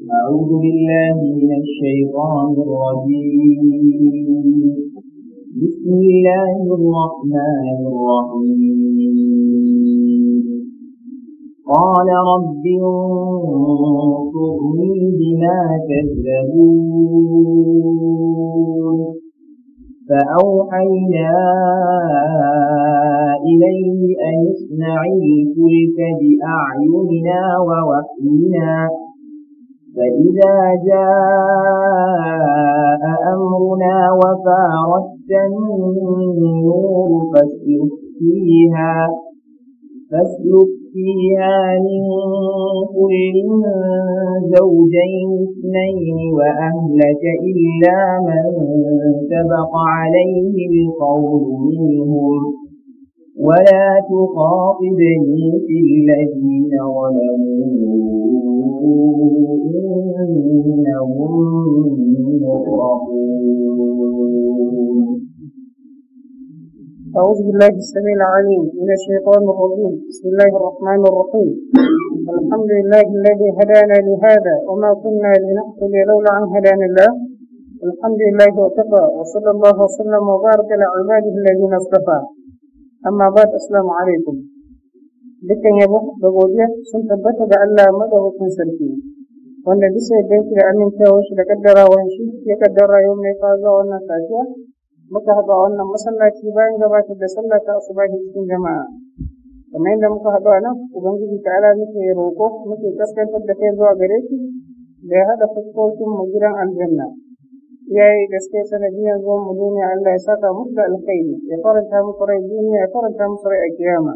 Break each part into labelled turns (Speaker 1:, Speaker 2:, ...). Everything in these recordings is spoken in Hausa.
Speaker 1: أعوذ بالله من الشيطان الرجيم بسم الله الرحمن الرحيم قال رب انصرني بما كذبون فأوحينا إليه أن اصنع الفلك بأعيننا ووحينا فإذا جاء أمرنا وفارت النور فاسلك فيها فاسلك فيها من كل زوجين اثنين وأهلك إلا من سبق عليه القول منهم ولا تخاطبني في الذين ظلموا إنهم مغرقون
Speaker 2: أعوذ بالله السميع العليم من الشيطان الرجيم بسم الله الرحمن الرحيم الحمد لله الذي هدانا لهذا وما كنا لنقتل لولا أن هدانا الله الحمد لله وكفى وصلى الله وسلم وبارك على عباده الذين اصطفى amma ba ta assalamu alaikum dukkan yabo da godiya sun tabbata da Allah madaukakin sarki wanda bisa yadda yake da amincewar shi da kaddarawar shi ya kaddara yau mai fa zuwa wannan safiya muka haɗa wannan masallaci bayan gabatar da sallah ta asuba cikin jama'a kamar yadda muka haɗu a nan ubangiji ta ala muke roƙo muke kaskantar da kai zuwa gare shi da ya haɗa fuskokin mu gidan aljanna yayi gaske sanadiyan zuwan mu duniya Allah ya saka musu da alkhairi ya faranta musu rai duniya ya faranta musu rai a kiyama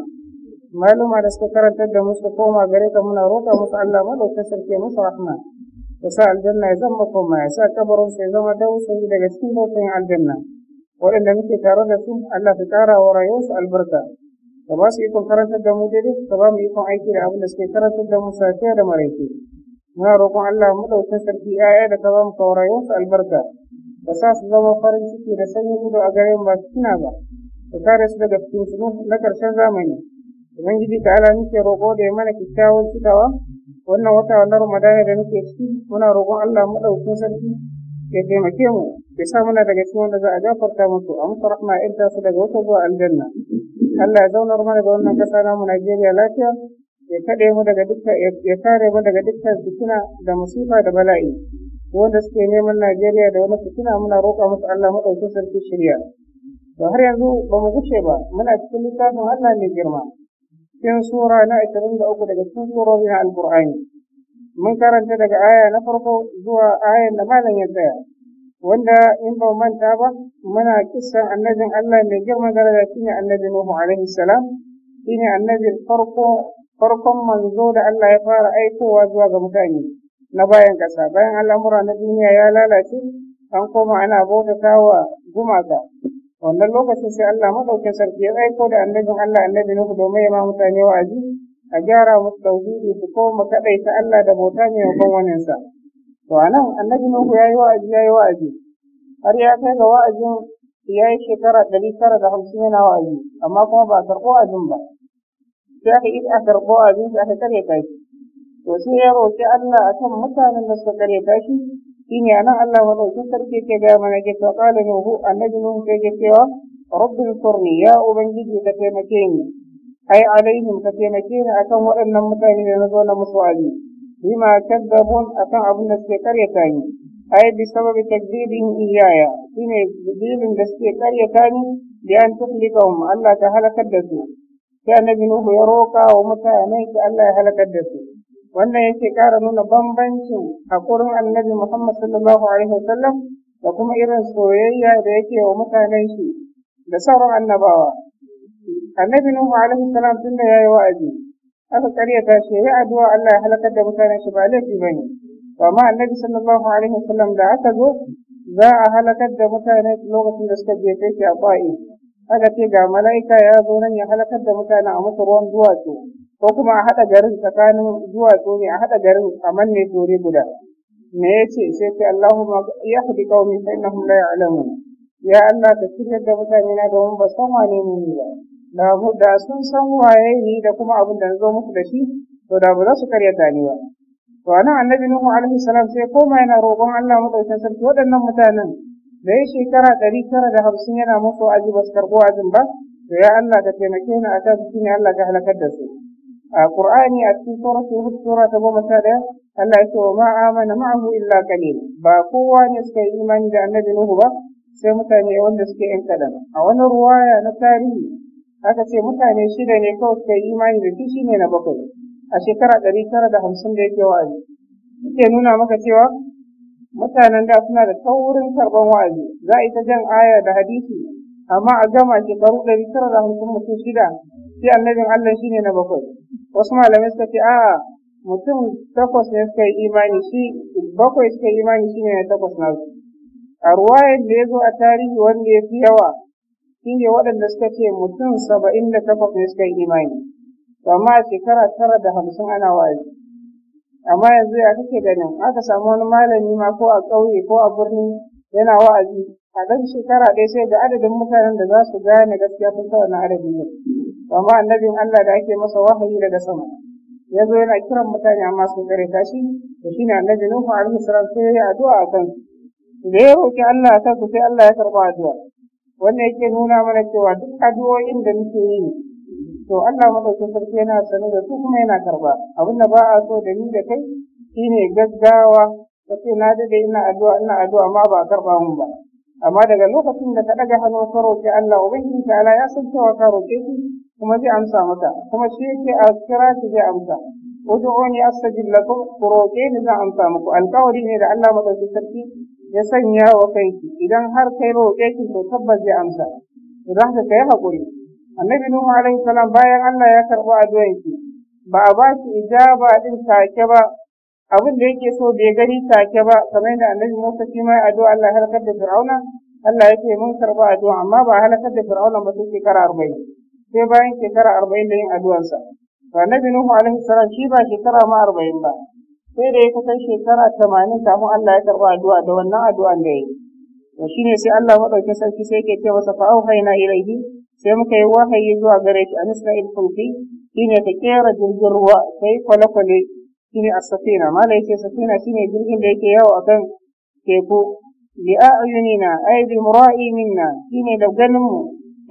Speaker 2: maluma da suka karantar da musu koma gare ka muna roƙa musu Allah madaukakin sarki musu rahma ya sa aljanna ya zama koma ya sa kabarin ya zama dausayi daga cikin dausayin aljanna waɗanda muke tare da su Allah ta ƙara wa rayuwarsu albarka ka ba su ikon karantar da mu daidai ka ba mu ikon aiki da abin da suke karantar da mu safiya da maraice muna roƙon Allah madaukakin sarki 'ya'ya da ka ba mu kawarayuwarsu albarka ba sa su zama farin ciki da sanyin ido a garin su tuna ba da kare su daga su na karshen zamani ubangiji ta ala muke roƙo da ya mana kyakkyawan cikawa wannan wata na ramadana da muke ciki muna roƙon allah maɗaukin sarki ya taimake mu ya sa muna daga cikin wanda za a gafarta musu a musu rahma in su daga wata zuwa aljanna allah ya zaunar mana da wannan ƙasa namu najeriya lafiya ya kaɗe mu daga dukkan ya kare mu daga dukkan fitina da masifa da bala'i wanda suke neman Najeriya da wani fitina muna roƙa musu Allah maɗauki sarki shirya. Ba har yanzu ba mu guce ba muna cikin littafin Allah mai girma. Cikin sura na ashirin da uku daga cikin surorin Alƙur'ani. Mun karanta daga aya na farko zuwa ayan da malam ya tsaya. Wanda in ba manta ba muna kisan annabin Allah mai girma daraja shine annabi Nuhu alaihi salam
Speaker 1: shine annabin
Speaker 2: farko farkon manzo da Allah ya fara aikowa zuwa ga mutane. na bayan ƙasa bayan al'amura na duniya ya lalace an koma ana bautata wa gumaka wannan lokacin sai Allah Maɗauke sarki ya aiko da annabin Allah annabi Nuhu domin ya ma mutane wa'azi a gyara musu tauhidi su koma kadaita Allah da bauta ne maimakon wannan sa to anan annabi Nuhu yayi wa'azi wa'azi har ya kai ga wa'azin ya yi shekara ɗari tara da hamsin yana wa'azi amma kuma ba a karɓo wa'azin ba sai aka yi a karɓo wa'azin sai aka karya kashi to sai ya roƙi Allah akan mutanen da suka kare tashi shine anan Allah madaukin sarki ke ga mana ke to qala nuhu annabi nuhu ke ke cewa rabbi surni ya ubangiji ka taimake ni ai alaihim ka taimake ni akan waɗannan mutane da na zo na musu ali bima kadzabun akan abin da suke kare ta ni ai bi sababi takdibin iyaya shine dalilin da suke kare ta ni bi an tuhlikahum Allah ta halakar da su sai annabi nuhu ya roƙa wa mutane ki Allah ya halakar da su wannan yake ƙara nuna bambancin haƙurin annabi Muhammad sallallahu alaihi wasallam da kuma irin soyayya da yake wa mutanen shi da sauran annabawa annabi Nuhu alaihi salam tun da ya yi wa'azi aka karyata shi yayi addu'a Allah ya halakar da mutanen shi ba laifi bane to amma annabi sallallahu alaihi wasallam da aka zo za a halakar da mutane lokacin da suka jefe shi a ƙwai. aka ce ga mala'ika ya zo nan ya halakar da mutane a musu ruwan duwatsu ko kuma a haɗa garin tsakanin duwatsu ne a haɗa garin a manne guda me ya ce sai ce Allahumma ya fi qaumi fa innahum la ya'lamun ya Allah ka cikin da mutane na domin ba san wane ne ba da da sun san waye ni da kuma abin da na zo muku da shi to da ba za su karyata ni ba to anan annabi nuhu alaihi salam sai koma yana roƙon Allah madaukakin sarki waɗannan mutanen da ya shekara ɗari tara da hamsin yana musu aji ba su karɓo ajin ba to ya Allah ka taimake ni a kan shi ne Allah ka halakar da su a Qur'ani a cikin suratul Hud sura ta goma sha ɗaya Allah ya ce wa ma amana ma'ahu illa qalil ba kowa ne suka yi imani da annabi Nuhu ba sai mutane wanda suke yan kaɗan a wani ruwaya na tarihi aka ce mutane shida ne kawai suka yi imani da shi shine na bakwai a shekara ɗari tara da hamsin da yake wa'azi suke nuna maka cewa mutanen da suna da taurin karban wa'azi za a yi ta jan aya da hadisi amma a gama shekaru ɗari tara da hamsin mutum shida sai annabin Allah shi ne na bakwai wasu malamai suka ce a'a mutum takwas ne suka yi imani shi bakwai suka yi imani ne na takwas na su a ruwayar da ya zo a tarihi wanda ya fi yawa shine waɗanda suka ce mutum saba'in da takwas ne suka yi imani amma a shekara tara da hamsin ana wa'azi amma yanzu ya kake ganin aka samu wani malami ma ko a ƙauye ko a birni yana wa'azi a ɗan shekara ɗaya sai da adadin mutanen da za su gane gaskiya sun kawai na adadin ne amma annabin Allah da ake masa wahayi daga sama ya zo yana kiran mutane amma sun kare shi da shi ne annabi Nuhu alaihi salam sai ya addu'a a kan da ya roƙi Allah ta ku sai Allah ya karɓa addu'a wannan yake nuna mana cewa duk addu'o'in da muke yi to Allah madaukin sarki yana sane da su kuma yana karba abin da ba a so da ni da kai shine gaggawa kace na dade ina addu'a ina addu'a amma ba a karba mun ba amma daga lokacin da ka daga hannu ka roƙi Allah ubangiji ta Allah ya san cewa ka roƙe shi kuma zai amsa maka kuma shi yake a kira shi zai amsa ud'uni astajib lakum ku roƙe ni zan amsa muku alƙawari ne da Allah madaukin sarki ya sanya wa kanki idan har kai roƙe shi to tabbas zai amsa idan ka yi haƙuri annabi nuhu alaihi salam bayan Allah ya karɓi addu'ar shi ba a ba shi ijaba din take ba abin da yake so bai gani take ba kamar yadda annabi Musa shi ma addu'a Allah halakar da Fir'auna Allah yake mun karɓi addu'a amma ba halakar da Fir'auna ba sai shekara arba'in sai bayan shekara arba'in da yin addu'arsa to annabi Nuhu alaihi salam shi ba shekara ma arba'in ba sai da ya kusan shekara tamanin kafin Allah ya karɓi addu'a da wannan addu'an da ya yi shi ne sai Allah madaukakin sarki sai yake ce masa fa'au haina ilaihi sai muka yi wahayi zuwa gare shi an isra'il kulki ne ta kera jirgin ruwa sai kwale-kwale ne a safina malai ce safina ne jirgin da yake yawo kan teku bi a'yunina ay bi mura'i minna da ganin mu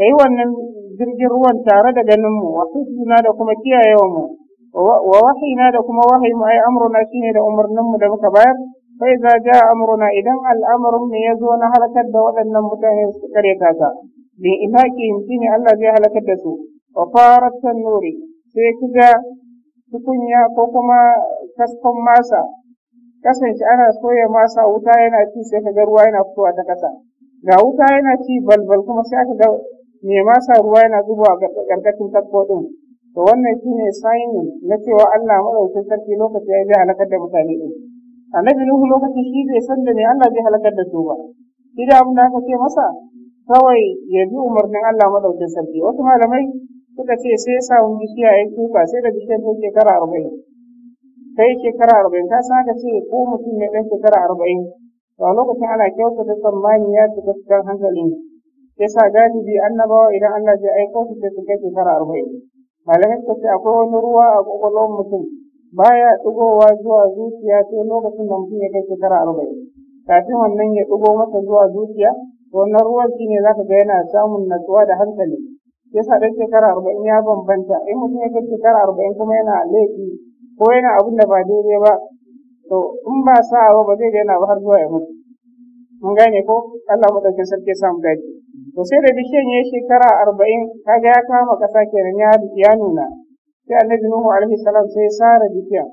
Speaker 2: kai wannan jirgin ruwan tare da ganin mu wa hifzina da kuma kiyayewa mu wa na da kuma wahayi mu ay amruna shine da umarninmu da muka bayar fa a ja amruna idan al'amarin mu zo na halakar da waɗannan mutane su karya kaka bi imaƙin ne Allah zai halakar da su wa farat nuri sai tukunya ko kuma kaskon masa kasance ana soya masa wuta yana ci sai ga ruwa yana fitowa ta kasa ga wuta yana ci balbal kuma sai aka ga me masa ruwa yana zuba a gargashin kasko din to wannan shine sign na cewa Allah madaukakin sarki lokaci ya ji halakar da mutane din annabi nuhu lokacin shi bai san da ne Allah zai halakar da su ba shi da abin da aka ce masa kawai ya bi umarnin Allah madaukin sarki wasu malamai suka ce sai ya samu bishiya ya kuka sai da bishiyar ta shekara arba'in sai shekara arba'in ka san ce ko mutum ya ɗan shekara arba'in to a lokacin ana da tsammani ya shiga cikin hankalin ya sa galibi annabawa idan Allah zai aiko su sai su kai shekara arba'in malamai suka ce akwai wani ruwa a ƙwaƙwalwar mutum baya ɗigowa zuwa zuciya sai lokacin da mutum ya kai shekara arba'in kafin wannan ya ɗigo masa zuwa zuciya wannan ruwan shi ne zaka ga yana samun natsuwa da hankali Ya sa ɗan shekara arba'in ya bambanta in mutum ya kai shekara arba'in kuma yana laifi ko yana abin da ba daidai ba to in ba sa'a ba zai daina ba har zuwa ya mutu mun gane ko Allah madaukakin sarki ya samu dace to sai da bishiyan ya shekara arba'in kaga ya kama kasa kenan ya ya nuna sai annabi nuhu alaihi salam sai sara bishiyan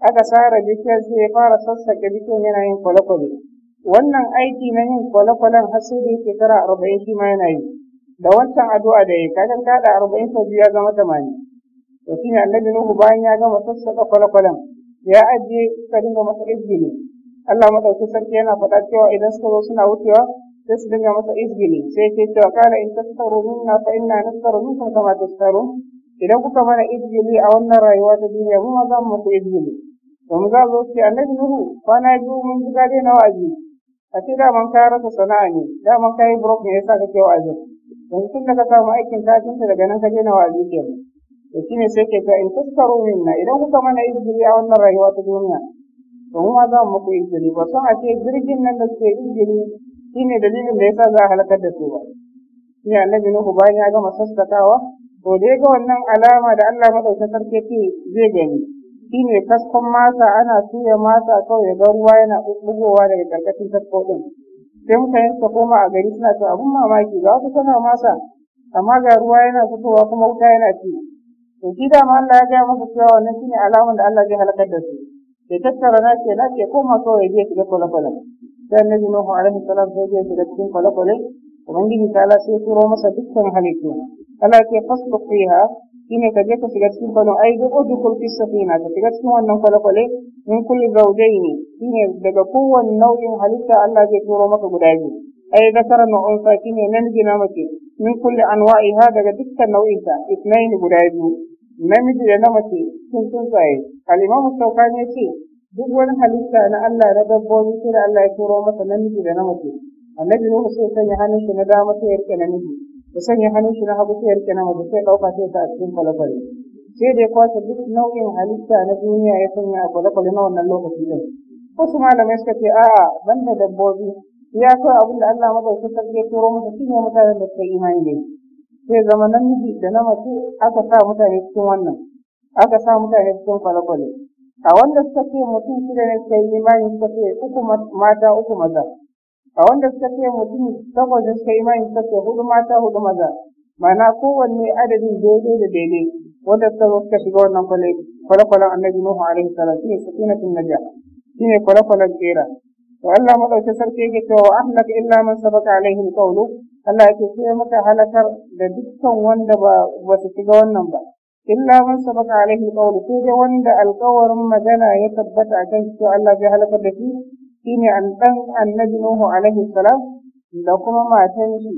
Speaker 2: aka sara bishiyan sai ya fara sassaƙe bishiyan yana yin kwale-kwale wannan aiki na yin kwale-kwalen har sai da shekara arba'in shi ma yana yi da wancan addu'a da ya yi kagan kada arba'in sau biyu ya zama tamani to shi ne annabi nuhu bayan ya gama sassaƙa kwale-kwalen ya ajiye suka dinga masa izgili Allah maɗauki sarki yana faɗa cewa idan suka zo suna wucewa sai su dinga masa izgili sai ke cewa kala in tasaru minna fa inna nasaru minkum kama idan kuka mana izgili a wannan rayuwa ta duniya mu ma za mu muku izgili mu za zo ce annabi nuhu kwana biyu mun ji gade na wa'azi a ce daman ka rasa sana'a ne daman ka yi brok ne yasa kake wa'azin yanzu tun da ka samu aikin kafinta daga nan ka je na wa'azi kenan to shine sai ke ka in taskaro na idan kuka mana izgiri a wannan rayuwa ta duniya to mu ma za mu muku izgiri ba son a ce jirgin nan da suke izgiri shine dalilin da yasa za a halakar da su ba shi annabi nuhu bayan ya gama sassakawa to da ga wannan alama da Allah ke sarki zai gani shine kaskon masa ana tuya masa kawai ya ga ruwa yana bugowa daga karkashin kasko din sai mutane suka koma a gari suna to abun mamaki ga wasu tana masa amma ga ruwa yana fitowa kuma wuta yana ci to shi da ma Allah ya gaya masa cewa wannan shine alamun da Allah ya halakar da su ya tattara na ce na ce koma kawai ya je shiga kwale-kwale sai annabi Nuhu alaihi salam sai ya shiga cikin kwale-kwale ubangiji ta sai turo masa dukkan halittu Allah ke faslu fiha shine ka je ka shiga cikin kwalon ai duk udukul fi safina ka shiga cikin wannan kwale-kwale min kulli shine daga kowanne nau'in halitta Allah zai turo maka guda biyu ai zakara na unsa shine namiji na mace min kulli anwa'iha daga dukkan nau'inta isnaini guda biyu namiji da na sun tsuntsaye al mu saukani ya ce duk wani halitta na Allah na dabbobi sai da Allah ya turo maka namiji da na annabi Nuhu sai ya hannun shi na dama sai ya rike namiji da sanya hannun shi na hagu sai ya rike na hagu sai ɗauka sai ta a cikin sai da ya duk nau'in halitta na duniya ya sanya a kwale na wannan lokaci ɗin wasu malamai suka ce a'a ban da dabbobi ya kawai abin da Allah madaukakin sarki ya turo masa shine mutanen da suka imani ne sai zama namiji da na mace aka sa mutane cikin wannan aka sa mutane cikin kwale a wanda suka ce mutum shida ne suka yi imani suka ce uku mata uku maza a wanda suka ce mutum saboda suka yi mai suka ce hudu mata hudu maza ma'ana kowanne adadin daidai da daidai wanda suka shiga wannan kwale-kwalen annabi nuhu alaihi salam shine sakinatun naja shine kwale-kwalen tsira to Allah madaukakin sarki yake cewa wa ahlak illa man sabaqa alaihi alqawlu Allah yake sai muka halakar da dukkan wanda ba ba su shiga wannan ba illa man sabaqa alaihi alqawlu sai dai wanda alƙawarin magana ya tabbata a kan shi Allah zai halakar da shi shine dan annabi Nuhu alaihi salam da kuma matan shi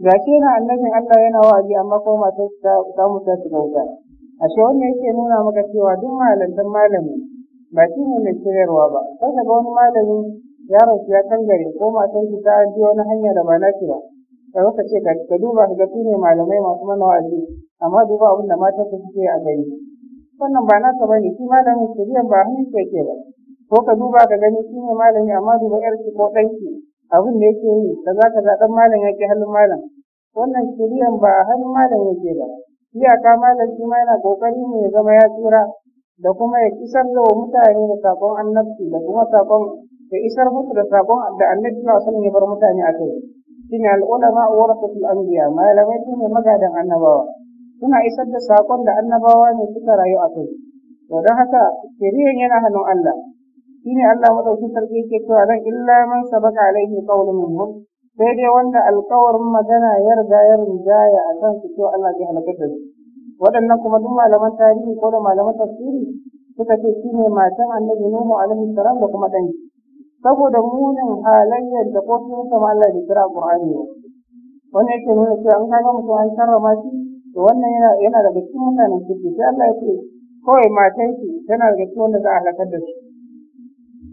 Speaker 2: ga shi na annabin Allah yana wa'azi amma ko matan shi ta mutu ta bauta ashe wanda yake nuna maka cewa duk malamin malami ba shi ne mai shiryarwa ba sai ga wani malami yaron shi ya tangare ko matan shi ta ji wani hanya da ba ba Sai ka ce ka duba ka ga su ne malamai masu mana wa'azi amma duba abin da matan shi suke a gari wannan ba na nasa bane shi malamin shirya ba hannun ke ba ko ka duba ka gani shi ne malami amma duba yarki ko ɗanki abin da yake yi da za ka ɗan malam yake halin malam wannan shiriyan ba a halin malam yake ba iyaka malam shi ma yana kokari ne ya zama ya tura da kuma ya isar da mutane da sakon annabci da kuma sakon ya isar musu da sakon da annabi na son ya bar mutane a kai shine al'ulama warasatul anbiya malamai ne magadan annabawa suna isar da sakon da annabawa ne suka rayu a kai to haka shiriyan yana hannun Allah shine Allah madaukin sarki yake cewa dan illa man sabaka alaihi qawlun minhum sai dai wanda alkawarin magana ya riga ya rinjaya a kan su cewa Allah zai da su waɗannan kuma duk malaman tarihi ko da malaman tafsiri suka ce shine matan annabi Nuhu alaihi salam da kuma ɗan saboda munin halayyar da kofin sama Allah da kira Qur'ani ne wannan yake nuna cewa an kaga mutum an karrama shi to wannan yana yana daga cikin mutanen kirki sai Allah ya ce kawai matan shi tana daga cikin wanda za a halakar da su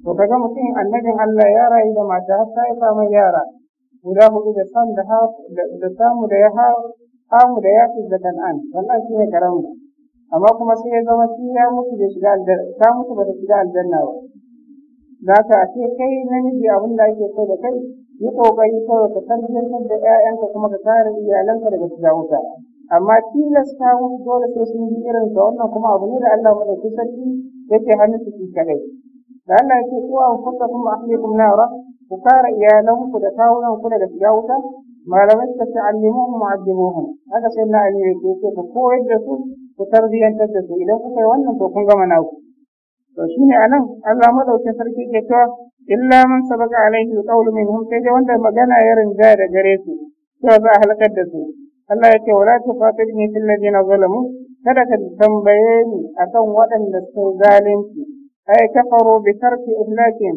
Speaker 2: to kaga mutum annabin Allah ya rayu da mata har ta mai yara guda hudu da san da da samu da ya samu da yafi da kan'an wannan shi ne karamu amma kuma sai ya zama shi ya mutu da shiga aljanna ta mutu ba ta shiga aljanna ba za ka ce kai namiji abin da ake so da kai yi kokari kawai ka tabbatar da 'ya'yanka kuma ka kare iyalanka daga shiga wuta amma tilasta musu dole sai sun yi irinsa wannan kuma abu ne da Allah madaukakin sarki yake hannu su kadai da Allah ya ce ku an kuka kuma ahlikum nara ku kare iyalanku da kawunan ku daga shiga wuta malamai suka ce allimuhum mu'addibuhum haka sai na ali ya ce ku koyar da su ku tarbiyyantar da su idan kuka yi wannan to kun gama naku to a anan Allah madaukin sarki ke cewa illa man sabaka alaihi alqawlu minhum sai dai wanda magana ya rinja da gare su cewa za a halakar da su Allah ya ce wala tuqatilni fil ladina zalamu kada ka tambaye ni akan waɗanda sun zalunci ai kafaru bi tarki ihlakin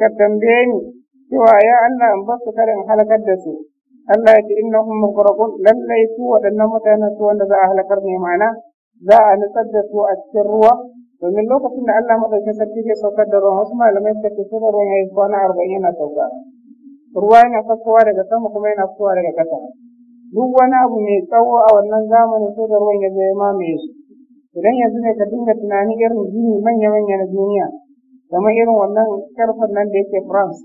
Speaker 2: ka tambaye ni cewa ya Allah in basu karin halakar da su Allah ya ce innahum mughraqun lallai su waɗannan mutanen su wanda za a halakar ne ma'ana za a nutsar da su a cikin ruwa domin lokacin da Allah madaukakin sarki zai saukar da ruwan wasu malamai suka ce suka ruwan yayi kwana arba'in yana sauka ruwa yana fasowa daga sama kuma yana fitowa daga ƙasa duk wani abu mai tsawo a wannan zamanin sai da ruwan ya zai mamaye su idan yanzu ne ka dinga tunanin irin gini manya-manya na duniya kamar irin wannan karfin nan da yake france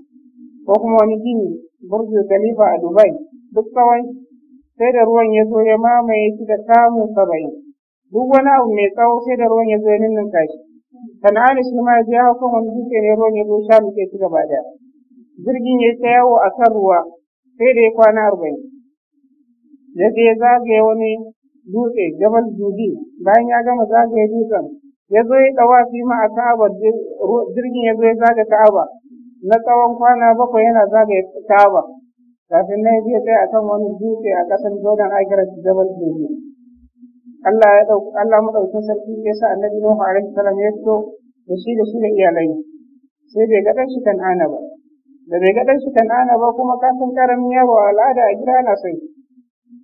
Speaker 2: ko kuma wani gini burju khalifa a dubai duk tsawon sai da ruwan ya zo ya mamaye shi da kamu saba'in duk wani abu mai tsawo sai da ruwan ya zo ya ninninka shi sana'ar shi ma ya hau wani dutse ne ruwan ya zo sha muke ci gaba da jirgin ya ta yawo a kan ruwa sai da ya kwana arba'in ya je zagaye wani dutse jabal juji bayan ya gama zagaye dutsen ya zo ya dawafi ma a ka'aba jirgin ya zo ya zaga ka'aba na tsawon kwana bakwai yana zagaye ka'aba kafin nan ya sai akan wani dutse a ƙasar jordan agarat jabal juji Allah ya dauki Allah madaukakin sarki ya sa annabi Nuhu alaihi salam ya fito da shi da shi da iyalai sai bai ga dan shi kan ana ba da bai ga dan shi kan ana ba kuma kasan karamin yawa al'ada a gida na sai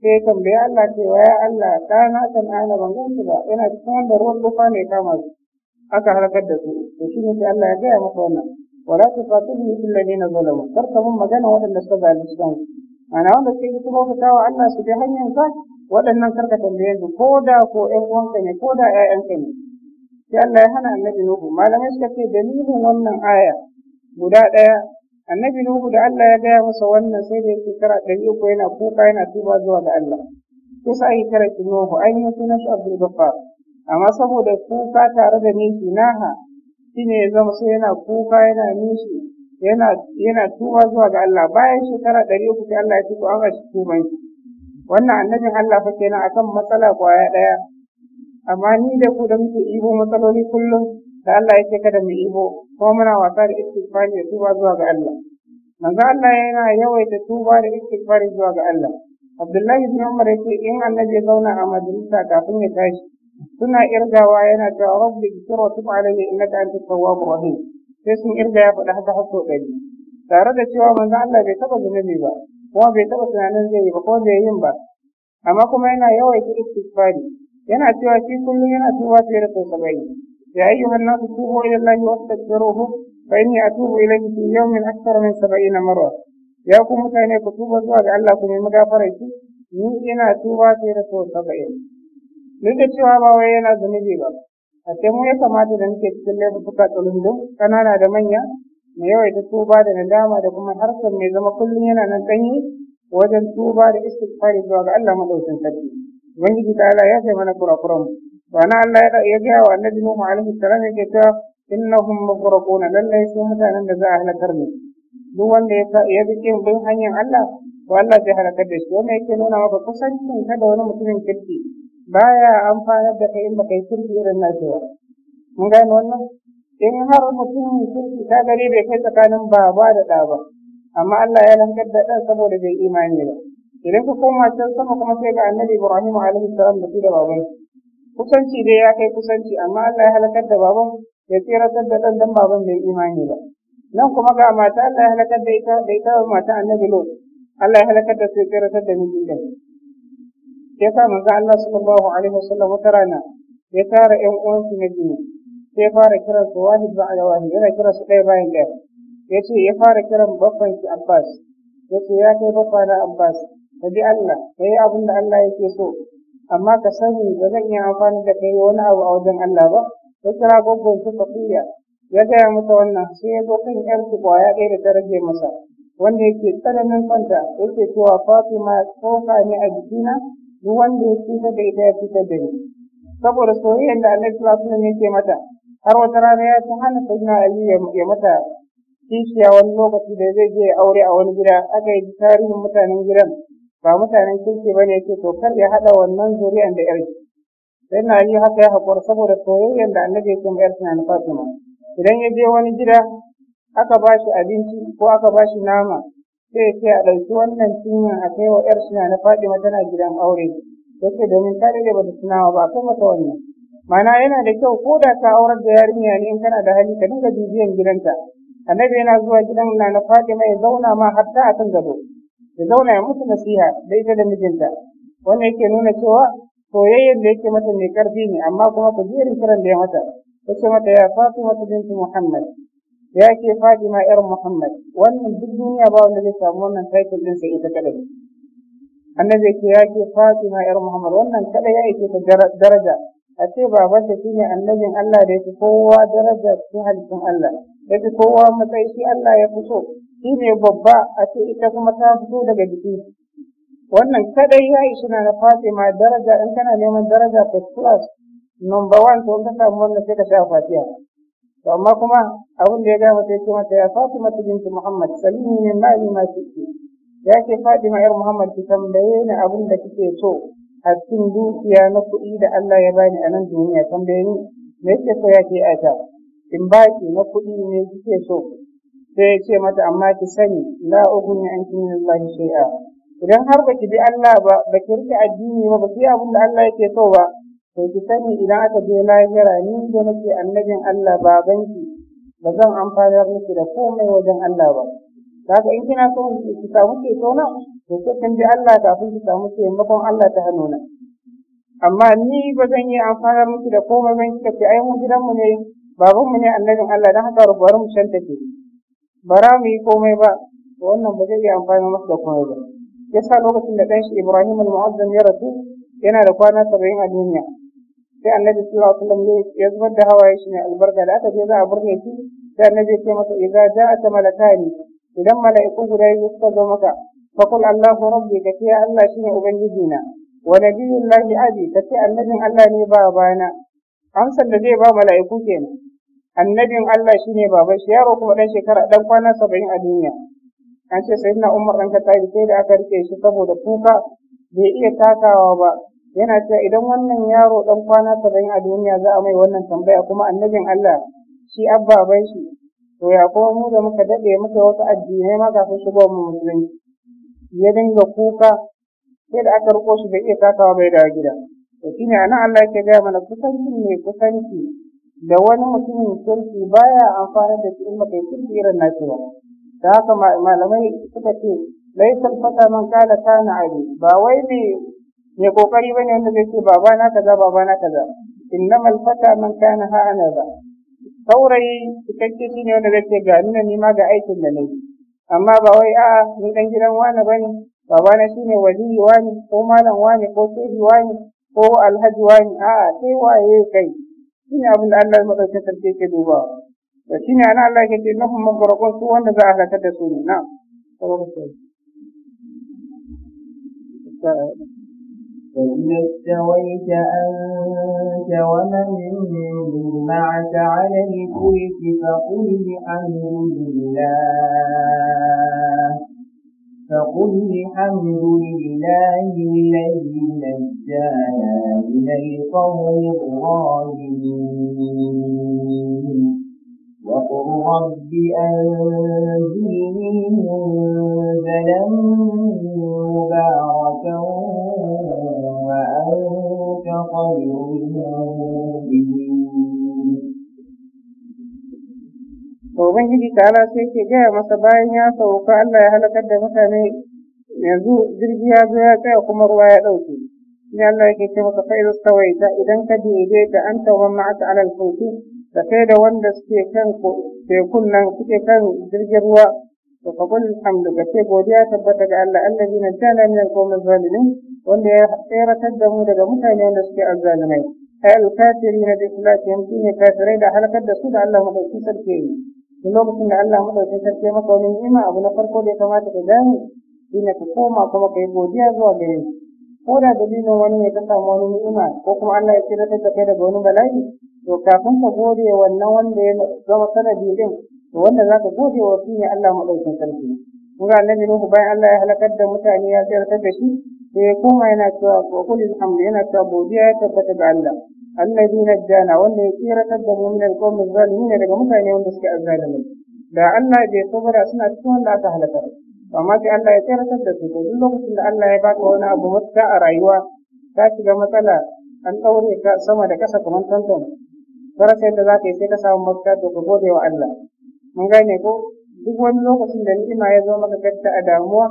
Speaker 2: sai tambayi Allah cewa ya Allah ɗana kan ana ban gansu ba yana cikin wanda ruwan lufa ne kama su aka halakar da su to shi ne Allah ya gaya masa wannan wala tuqatilu fil ladina zalamu kar ka mun magana waɗanda suka zalunci kansu ana wanda suke kuma ka kawo Allah su bi hanyar sa waɗannan kar ka tambaye su ko da ko ƴan uwanka ne ko da ƴaƴanka ne sai Allah ya hana annabi Nuhu malamai suka ce dalilin wannan aya guda ɗaya annabi nuhu da Allah ya gaya masa wannan sai da ya shekara ɗari uku yana kuka yana tuba zuwa ga Allah kusa yi kira shi nuhu an yi sunan shi abdul amma saboda kuka tare da nishi naha ne ya zama sai yana kuka yana nishi yana yana tuba zuwa ga Allah bayan shekara ɗari uku sai Allah ya tuba an shi tuban shi wannan annabin Allah fa kenan akan matsala kwaya ɗaya amma ni da ku da muke ibo matsaloli kullum da Allah ya ce kada mu ibo ko muna wasa da istighfari da tuba zuwa ga Allah manzo Allah yana yawaita tuba da istighfari zuwa ga Allah Abdullahi bin Umar yace in annabi ya zauna a majalisa kafin ya tashi suna irgawa yana cewa rabbi ighfir wa tub alayhi innaka antat tawwabur rahim sai sun irga ya faɗa haka har sau ɗari tare da cewa manzo Allah bai taɓa zunubi ba kuma bai taɓa tunanin zai yi ba ko bai yin ba amma kuma yana yawaita istighfari yana cewa shi kullum yana tuba fiye da sau يا أيها الناس توبوا إلى الله واستغفروه فإني أتوب إليه في يوم أكثر من سبعين مرة يا كم متعني كتوبة زواج الله كم مغافرة ni ina tuba sai da sau saba'in duk da cewa ba wai yana zunubi ba a ce mu ya kamata da muke cikin laifuka tsalundu ƙanana da manya Mai yawaita tuba da nadama da kuma harkar mai zama kullum yana nan ɗanyi wajen tuba da istighfari zuwa ga Allah madaukakin sarki ubangiji ta Allah ya sai mana kurakuran mu Bana Allah ya gaya wa annabi Nuhu alaihi salam yake cewa innahum mughraquna lallai su mutanen da za a halakar ne duk wanda ya bi kin bin hanyar Allah to Allah zai halakar da shi wannan yake nuna maka kusancin ka da wani mutumin kirki baya amfanar da kai in kirki irin na mun gane wannan in har mutumin kirki ta gari bai kai tsakanin baba da ɗa ba amma Allah ya lankar da ɗan saboda bai imani ba idan ka koma can sama kuma sai ga annabi Ibrahim alaihi salam da shi da kusanci dai ya kai kusanci amma Allah ya halakar da baban ya tsiratar da ɗan dan baban bai imani ba nan kuma ga mata Allah ya halakar da ita da ita mata annabi lo Allah ya halakar da sai tsiratar da miji da ya sa manzo Allah sallallahu alaihi wasallam wata rana ya tara ƴan uwansu na jini sai fara kiran su wahid ba ala wahid yana kiran su ɗaya bayan ɗaya ya ce ya fara kiran babban shi Abbas ya ce ya kai babba na Abbas ka bi Allah ka yi abin da Allah yake so amma ka sani ba zan yi amfani da kai wani abu a wajen Allah ba ya kira gwaggon su kafiya ya gaya masa wannan sai ya zo kan yar su ya kai da ta masa wanda yake tsananin kwanta yake cewa Fatima tsoka ne a jikina duk wanda ya cuta da ita ya fita da ni saboda soyayyar da Annabi sallallahu alaihi yake mata har wata rana ya san hana sayyidina Ali ya mata kishiya wani lokaci da zai je aure a wani gida aka yi tarihin mutanen gidan ba mutanen kirki ba ne yake tokar kar ya haɗa wannan zuri'an da yarki sai na yi haka ya haƙura saboda soyayyar da annabi yake mayar yarsa na Fatima idan ya je wani gida aka ba shi abinci ko aka ba shi nama sai ya ce a ɗauki wannan cinyan a kai wa yar suna na Fatima tana gidan aure yake domin ta daɗe ba ta tunawa ba kai mata wannan ma'ana yana da kyau ko da ka aurar da yarinya ne in kana da hali ka dinga bibiyan gidanta annabi yana zuwa gidan na na Fatima ya zauna ma har hatta akan gado Ya zauna ya musu nasiha da ita da mijinta wannan yake nuna cewa soyayyar da yake mata mai karfi ne amma kuma ku ji irin kiran da ya mata ta ce mata ya mata binti Muhammad ya ke ma yar Muhammad wannan duk duniya ba wanda zai samu wannan title din sai ita kadai annabi yake ya ke ma yar Muhammad wannan kadai ya yake ta daraja a ce baban shine annabin Allah da fi kowa daraja cikin halittun Allah fi kowa matsayi shi Allah ya fi so shi ne babba a ce ita kuma ta fito daga jiki wannan kadai ya yi suna na fatima daraja in kana neman daraja first class number one to in ka samu wannan sai ka sha fatiha to amma kuma abin da ya gaya mata yake mata ya fatima binti muhammad salimi min yi ma kike ya ke fatima yar muhammad ki tambaye ni abin da kike so a cikin dukiya na kuɗi da Allah ya bani a nan duniya tambaye ni me yake so ya ke aisha in baki na kuɗi ne kike so sai ya ce mata amma ki sani la ughni anki min shi shay'a idan har baki bi Allah ba baki rike addini ba baki abin da Allah yake so ba to ki sani idan aka je lahira ni da nake annabin Allah babanki ba zan amfanar miki da komai wajen Allah ba kaga in kina so ki samu so na to sai kin bi Allah kafin ki samu makon Allah ta hannu na amma ni ba zan yi amfana miki da komai ban kika ce ai mu gidanmu ne babanmu ne annabin Allah dan haka rubuwar mu shanta ke ba za mu yi komai ba wannan ba zai iya amfani masa da komai ba yasa lokacin da ɗanshi ibrahim al-mu'azzam ya rasu yana da kwana saba'in a duniya sai annabi sallallahu alaihi wasallam ya zubar da hawaye shi ne albarka da aka je za a burne shi sai annabi ya ce masa idza ja'aka malakani idan mala'iku guda biyu suka zo maka فقل الله ربي كتي الله شيء أبنجينا ونبي الله أبي كتي النبي الله ني Amsar da zai ba mala'iku kenan. annabin Allah shi ne baban shi yaro kuma dan shekara dan kwana saba'in a duniya an ce sayyidina Umar dan Khattabi sai da aka rike shi saboda kuka bai iya takawa ba yana cewa idan wannan yaro ɗan kwana saba'in a duniya za a mai wannan tambaya kuma annabin Allah shi abbaban shi to ya kuma mu da muka daɗe muka wasu addinai ma kafin shigo mu musulunci ya dinga kuka sai da aka riko shi bai iya takawa bai da gida to shine anan Allah yake gaya mana kusanci ne kusanci da wani mutumin kirki baya amfani da shi maka kirki irin nasiwa da haka malamai suka ce laisal fata man kala kana ali ba wai ne ne kokari ba ne wanda zai ce baba na kaza baba na kaza innamal fata man kana ha'ana ba saurayi cikakke shi ne wanda zai ce ga nuna ni ma ga aikin da nayi amma ba wai a'a ni dan gidan wani bane baba na shine waliyi wani ko malam wani ko shehi wani ko alhaji wani a'a sai waye kai shi ne abin da Allah ya maɗauke sarki ke duba da shi ne ana Allah ke ce na kuma gwargwar su wanda za a halakar da su ne na sabon sai فإذا استويت
Speaker 1: أنت ومن معك على الفلك فقل بأمر الله فقل الحمد لله الذي نجانا من القوم الظالمين وقل رب أنزلني منزلا مباركا وأنت خير المنزل
Speaker 2: to ubangiji ta'ala sai ke gaya masa bayan ya sauka Allah ya halakar da mutane yanzu jirgi ya zo ya tsaya kuma ruwa ya ɗauke ne Allah yake ce maka fa idan sawaita idan ka daidaita an tawon ma'aka alal kotu da kai da wanda suke kan tekun nan suke kan jirgin ruwa to fa kul hamdu ga ce godiya tabbata ga Allah allazi najjana min alqawmi zalimin wanda ya tseratar da mu daga mutane wanda suke azzalimai ay alkafirin bi islatihim shine kafirai da halakar da su da Allah madaukakin sarki duk lokacin da Allah madaukakin sarki maka wani ni'ima abu na farko da ya kamata ka gane shine ka koma kuma ka yi godiya zuwa gare shi ko da dalilin wani ne ka samu wani ni'ima ko kuma Allah ya tsira da kai daga wani bala'i to kafin ka gode wannan wanda ya zama sanadi din to wanda zaka gode wa shine Allah madaukakin sarki kun ga annabi Nuhu bayan Allah ya halakar da mutane ya tsira da shi sai ya koma yana cewa ko kulil hamd yana cewa godiya ya tabbata ga Allah annabi najjana wanda ya tsiratar da mu min alqawmi zalimin daga mutane wanda suke azzalimai da Allah bai so ba suna cikin wanda aka halaka amma sai Allah ya tsiratar da su to duk lokacin da Allah ya baka wani abu mutta a rayuwa ka shiga matsala an ɗaure ka sama da ƙasa kamar tantan farasa yadda za ka yi sai ka samu mafita to ka gode wa Allah mun gane ko duk wani lokacin da ni'ima ya zama maka gadda a damuwa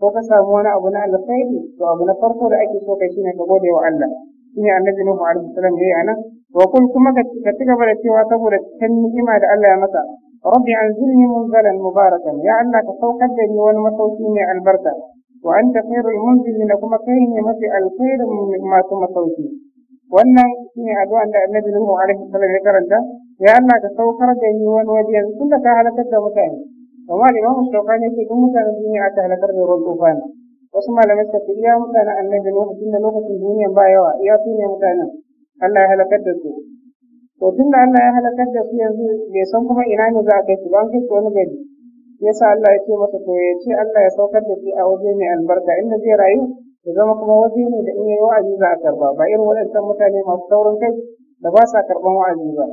Speaker 2: ko ka samu wani abu na alkhairi to abu na farko da ake so kai shine ka gode wa Allah ne annabi Nuhu alaihi salam yayi anan wa kul kuma ka ci gaba da cewa saboda cikin ni'ima da Allah ya masa rabbi mun munzalan mubarakan ya Allah ka saukar da ni wani masauki mai albarka wa anta khairul munzilin kuma kai ne mafi alkhairin masu masauki wannan shine addu'an da annabi Nuhu alaihi salam ya karanta ya Allah ka saukar da ni wani waje yanzu tunda ka halakar da mutane amma Imam Shawkani yake duk mutanen duniya aka halakar da ruwan tufana wasu malamai suka ce iya nan annabi lokacin da lokacin duniya ba yawa iya su ne mutanen Allah ya halakar da su to tun da Allah ya halakar da su yanzu bai san kuma ina ne za a kai su ban kai su wani gari Ya sa Allah ya ce masa to ya ce Allah ya saukar da shi a waje mai albarka inda zai rayu ya zama kuma waje ne da in yi wa'azi za a karba ba irin waɗancan mutane masu saurin kai da ba sa karɓan wa'azi ba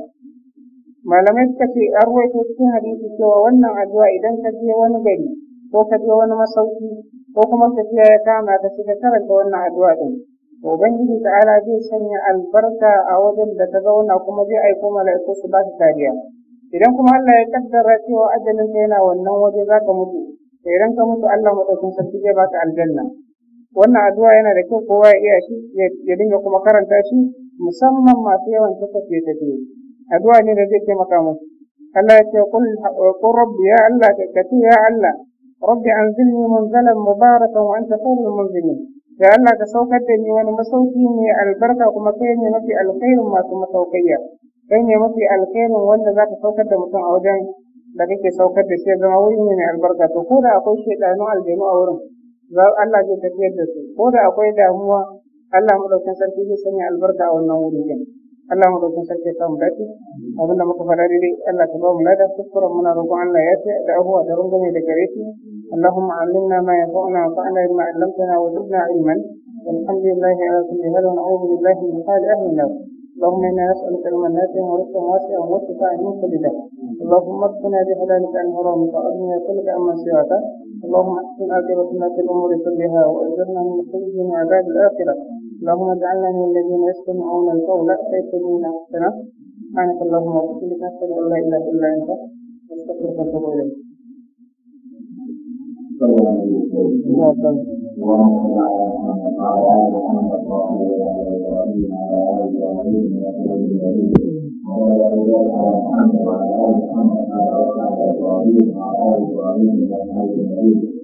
Speaker 2: malamai suka ce an ruwaito cikin hadisi cewa wannan addu'a idan ka je wani gari ko ka je wani masauki ko kuma tafiya ya kama ta shiga karanta wannan addu'a din ubangiji ta'ala zai sanya albarka a wajen da ta zauna kuma zai aiko mala'iku su ba kariya idan kuma Allah ya kaddara cewa ajalin ka yana wannan waje za ka mutu idan ka mutu Allah madaukakin sarki zai baka aljanna wannan addu'a yana da kyau kowa ya iya shi ya dinga kuma karanta shi musamman masu yawan tafiye tafiye addu'a ne da zai taimaka musu Allah ya ce qul rabbi ya Allah ka ya Allah ربي أنزلني منزلا مباركا وأنت خير المنزلين جعلنا كسوكة أني وأنا مسوكيني البركة وما كيني نفي الخير وما ثم سوكية كيني مفي الخير وأنا ذات سوكة متعودان لكي سوكة الشيء دموي من البركة وكذا أقول شيء لأنه نوع الجنة أورم الله جل جلاله كذا أقول ده هو الله ملوك سنتي سني البركة أو النور Allah mu roƙi sarki ya samu dace abin da muka faɗa daidai Allah ta ba mu lada kuskuren muna roƙon Allah ya ce da abuwa da rungume da gare shi Allahumma allimna ma yanfa'una wa fa'na bima 'allamtana wa zidna ilman walhamdulillahi ala kulli hal wa na'udhu billahi min shari ahli an-nar اللهم انا نسالك علما نافعا ورزقا واسعا ووفقا من كل داء اللهم اكفنا بحلالك عن حرامك واغننا بفضلك عمن سواك اللهم احسن عاقبتنا في الامور كلها واجرنا من كل عذاب الاخره اللهم اجعلنا من الذين يستمعون القول فيتبعون احسنه سبحانك اللهم وبحمدك اشهد ان لا اله الا
Speaker 1: انت استغفرك واتوب اليك Thank you.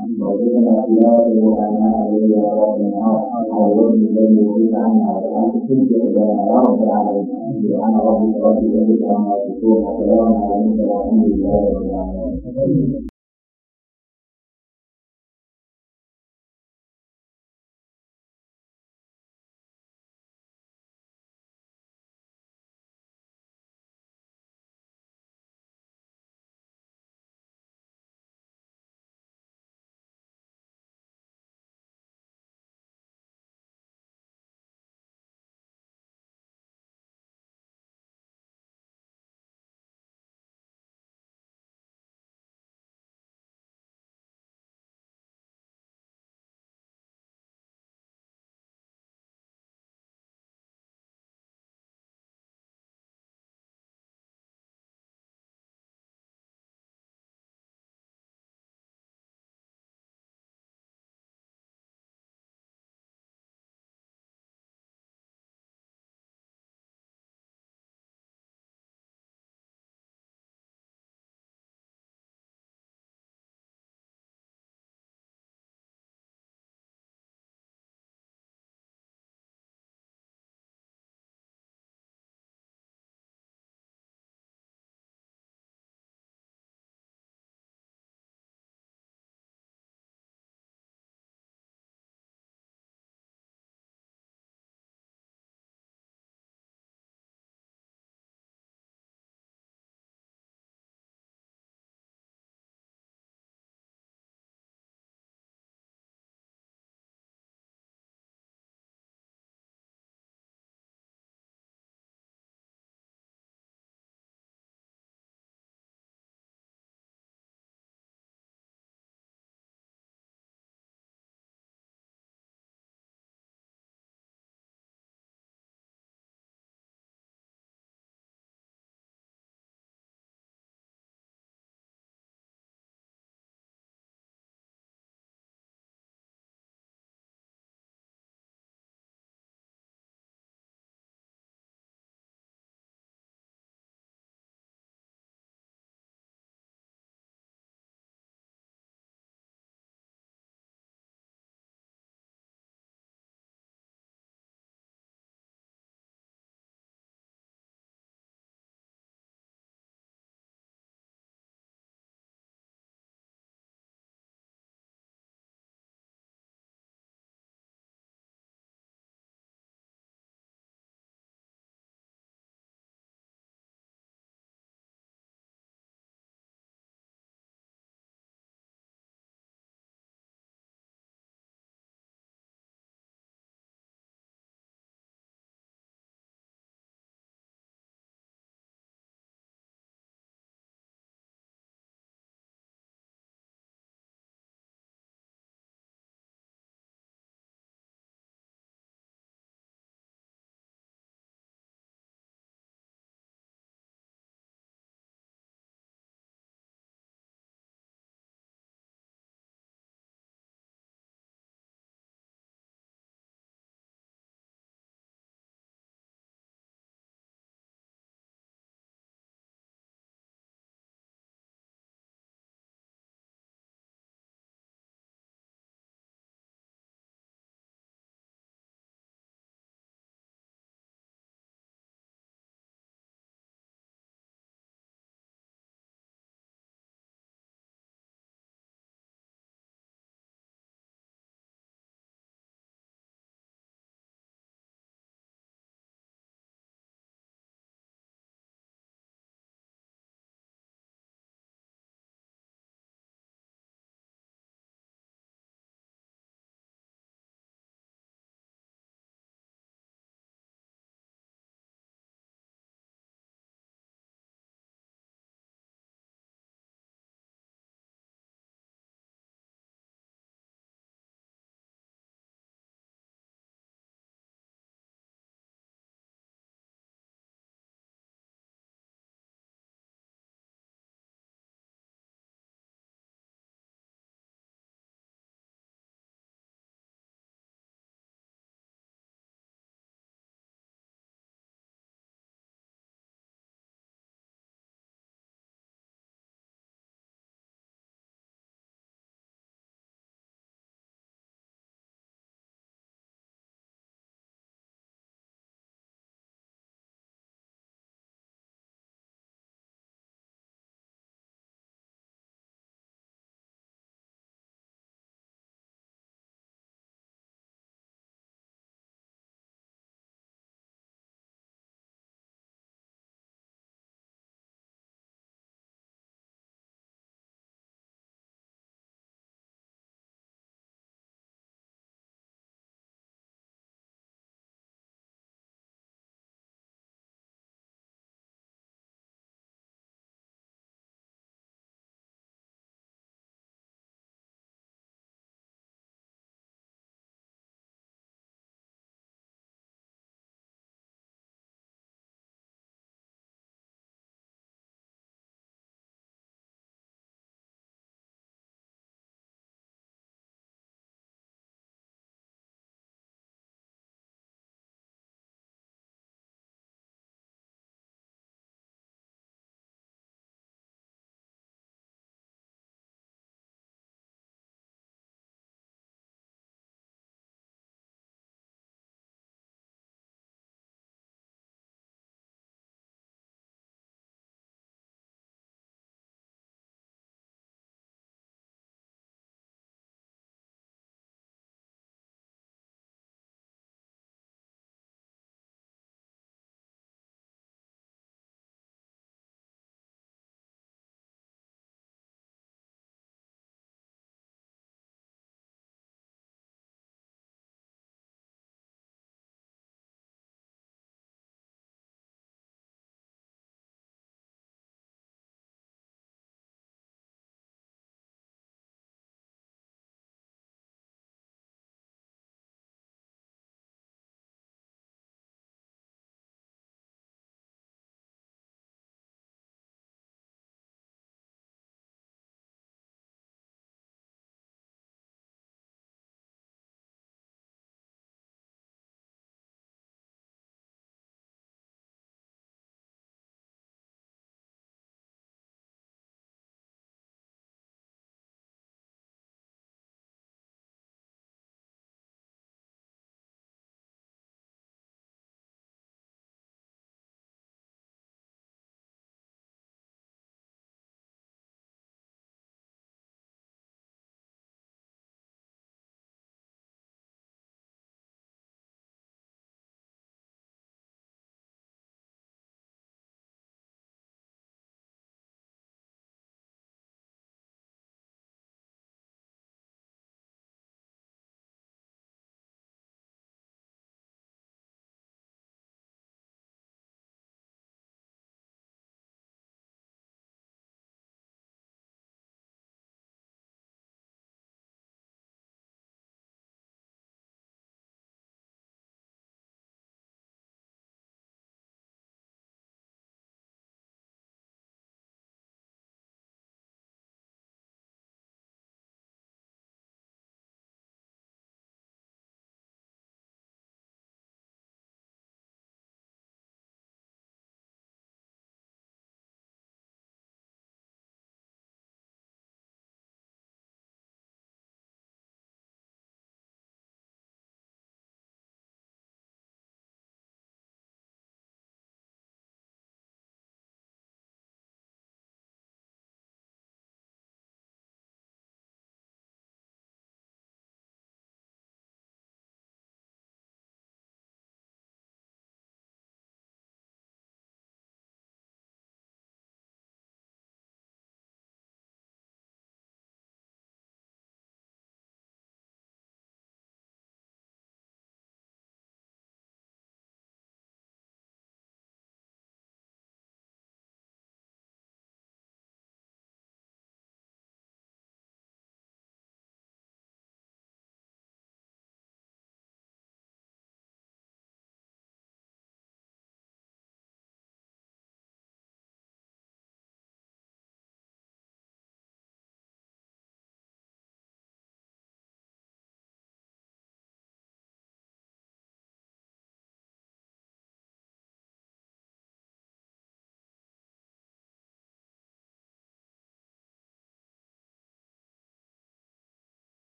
Speaker 1: والذين لا يؤمنون عليه ولا النار قولهم الذي يريد عن أنفسهم إذا نارهم عليه سبحان ربك رب العزة عما يصفون وسلام على المرسلين والحمد لله رب العالمين